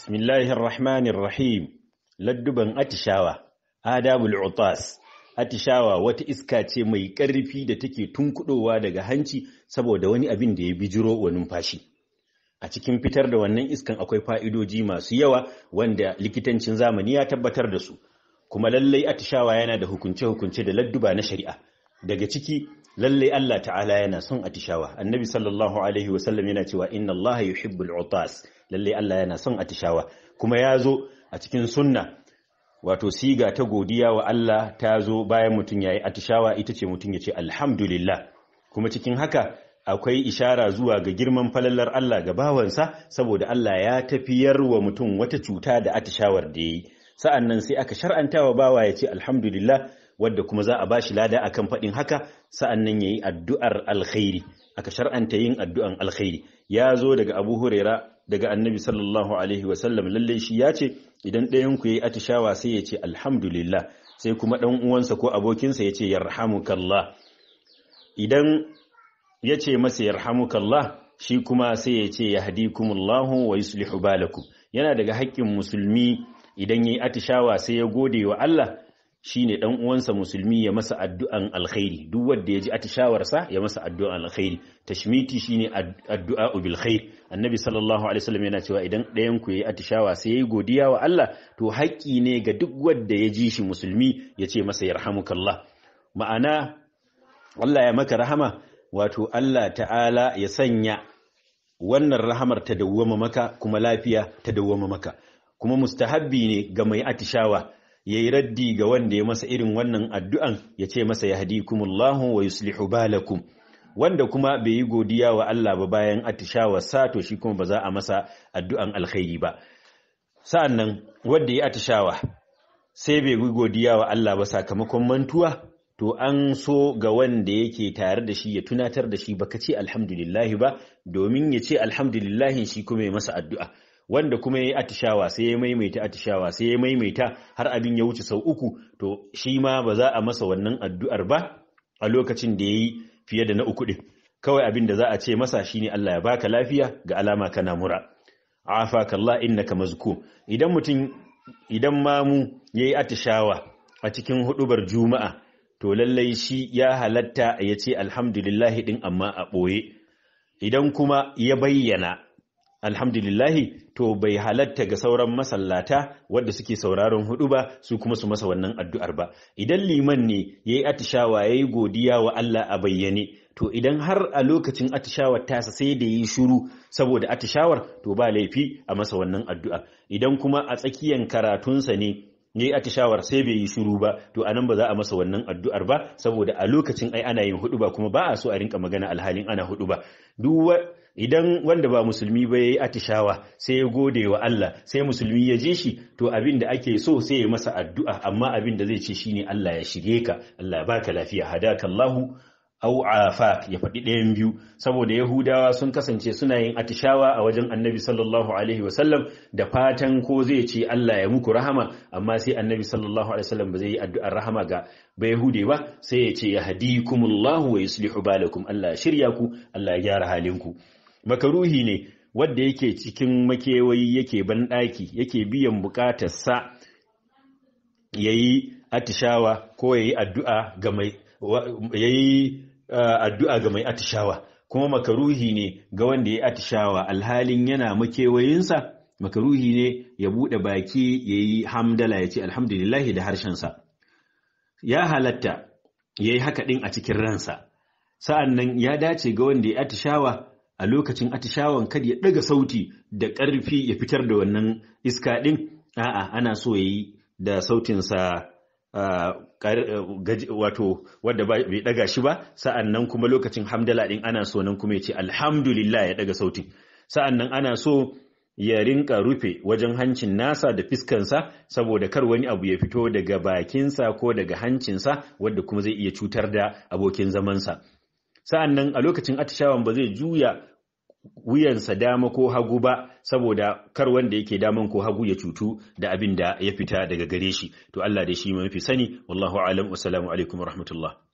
Bismillahir Rahmanir Rahim ladduban atishawa adabul utas atishawa wata iska ce mai ƙarfi da take tunkudowa daga hanci saboda wani abin da ya bijiro wa numfashi a cikin fitar da wannan iskan akwai fa'idoji masu yawa wanda likitancin zamani ya tabbatar da su kuma lallai atishawa yana da hukunce-hukunce da ladduba na shari'a daga ciki lalle Allah ta'ala yana son atishawa annabi sallallahu alaihi wasallam yana cewa inna Allah yuhibbul utas lalle Allah yana son atishawa kuma ya zo a cikin sunna wato siga ta godiya wa Allah ta zo bayan mutum yayi atishawa ita ce mutum ya ce alhamdulillah kuma cikin haka akwai ishara zuwa ga girman falallar Allah ga bawansa saboda Allah ya tafiyar wa mutum wata cuta da atishawar da yayi sa'annan sai aka shar'anta wa bawa ya ce alhamdulillah wadda kuma za a ba shi lada akan faɗin haka sa'an nan ya yi addu'ar alkhairi aka shar'anta yin addu'an alkhairi ya zo daga Abu Huraira daga Annabi sallallahu alaihi wasallam lalle shi ya ce idan ɗayan ku yayi atishawa sai ya ce alhamdulillah sai kuma ɗan uwansa ko abokinsa ya ce yarhamukallah idan ya ce masa yarhamukallah shi kuma sai ya ce yahdikumullahu wa yuslihu balakum yana daga haƙƙin musulmi idan yayi atishawa sai ya gode wa Allah shine dan uwansa musulmi ya masa addu'an alkhairi duk wanda ya ji atishawarsa ya masa addu'an alkhairi tashmiti shine addu'a bil khair annabi sallallahu alaihi wasallam yana cewa idan ɗayan ku yayi atishawa sai yayi godiya wa Allah to haƙƙi ne ga duk wadda ya ji shi musulmi ya ce masa yarhamukallah ma'ana Allah ya maka rahama wato Allah ta'ala ya sanya wannan rahamar ta dawwama maka kuma lafiya ta dawwama maka kuma mustahabbi ne ga mai atishawa ya yi raddi ga wanda ya masa irin wannan addu'an ya ce masa ya kumullahu wa yuslihu balakum wanda kuma bai yi godiya wa Allah ba bayan atishawa to shi kuma ba za a masa addu'an alkhairi ba sa'an nan wanda ya atishawa sai bai yi godiya wa Allah ba sakamakon mantuwa to an so ga wanda yake tare da shi ya tunatar da shi baka ce alhamdulillahi ba domin ya ce alhamdulillahi shi kuma ya masa addu'a wanda kuma ya yi atishawa sai ya maimaita atishawa sai ya maimaita har abin ya wuce sau uku to shi ma ba za a masa wannan addu'ar ba a lokacin da ya yi fiye da na uku ɗin kawai abin da za a ce masa shine Allah ya baka lafiya ga alama kana mura afaka Allah innaka mazkur idan mutum idan mamu yayi atishawa a cikin hudubar juma'a to lallai shi ya halatta ya ce alhamdulillahi din amma a ɓoye, idan kuma ya bayyana alhamdulillahi to bai halatta ga sauran masallata wadda suke sauraron hudu ba su kuma su masa wannan addu'ar ba idan liman ne ya yi atishawa ya yi godiya wa Allah a bayyane to idan har a lokacin atishawar tasa sai da yi shuru saboda atishawar to ba laifi a masa wannan addu'a idan kuma a tsakiyan karatunsa ne ya yi atishawar sai bai yi shuru ba to anan ba za a masa wannan addu'ar ba saboda a lokacin ai ana yin hudu ba kuma ba a so a rinka magana alhalin ana hudu ba duk idan wanda ba musulmi ba ya yi atishawa sai ya gode wa Allah sai musulmi ya je shi to abin da ake so sai ya masa addu'a amma abin da zai ce shi ne Allah ya shige ka Allah ya baka lafiya hadaka Allahu au afak ya faɗi ɗayan biyu saboda yahudawa sun kasance suna yin atishawa a wajen annabi sallallahu alaihi wasallam da fatan ko zai ce Allah ya muku rahama amma sai annabi sallallahu alaihi wasallam ba zai yi addu'ar rahama ga ba yahude ba sai ya ce ya hadi hadikumullahu wa yuslihu balakum Allah ya shirya ku Allah ya gyara halinku makaruhi ne wadda yake cikin makewayi yake banɗaki yake biyan buƙatarsa ya yi atishawa ko ya yi addu'a ga mai atishawa kuma makaruhi ne ga wanda ya yi atishawa alhalin yana makewayinsa makaruhi ne ya buɗe baki ya yi hamdala ya ce alhamdulillahi da harshensa ya halatta ya yi haka ɗin a cikin ransa sa'an nan ya dace ga wanda ya atishawa a lokacin atishawan kada ya ɗaga sauti da ƙarfi ya fitar da wannan iska ɗin a'a ana so ya yi da sautinsa wato wadda bai ɗaga shi ba sa'an nan kuma lokacin hamdala ɗin ana so nan kuma ya ce alhamdulillah ya ɗaga sauti. sa'an nan ana so ya rinka rufe wajen hancin nasa da fiskansa saboda kar wani abu ya fito daga bakinsa ko daga hancinsa wadda kuma zai iya cutar da abokin zamansa sa'an nan a lokacin atishawan ba zai juya wuyansa dama ko hagu ba saboda kar wanda yake daman ko hagu ya cutu da abin da ya fita daga gare shi to Allah da shi mafi sani wallahu alam wa alaikum wa